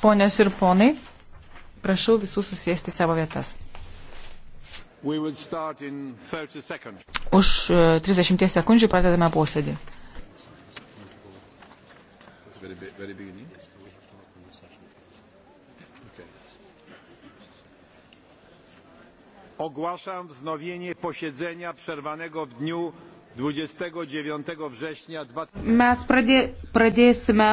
Ponios ir ponai, prašau visų susėsti savo vietas. Už 30 e, sekundžių pradedame posėdį. Very, very beginning. ogłaszam wznowienie posiedzenia przerwanego w dniu 29 września 2000. Mes pradė, pradėsime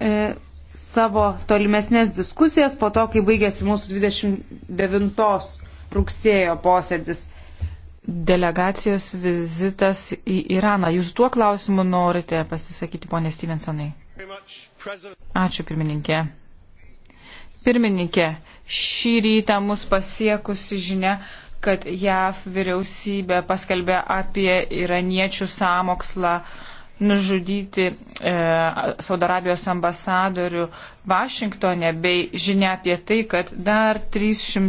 e, savo tolimesnės diskusijas po to, kai baigėsi mūsų 29 rugsėjo posėdis. Delegacijos vizitas į Iraną. Jūs tuo klausimu norite pasisakyti, ponė Stevensonai? Ačiū, pirmininkė. Pirmininkė, šį rytą mus pasiekusi žinia kad JAV vyriausybė paskelbė apie iraniečių sąmokslą nužudyti e, Saudarabijos ambasadorių Vašingtone bei žinia apie tai, kad dar 300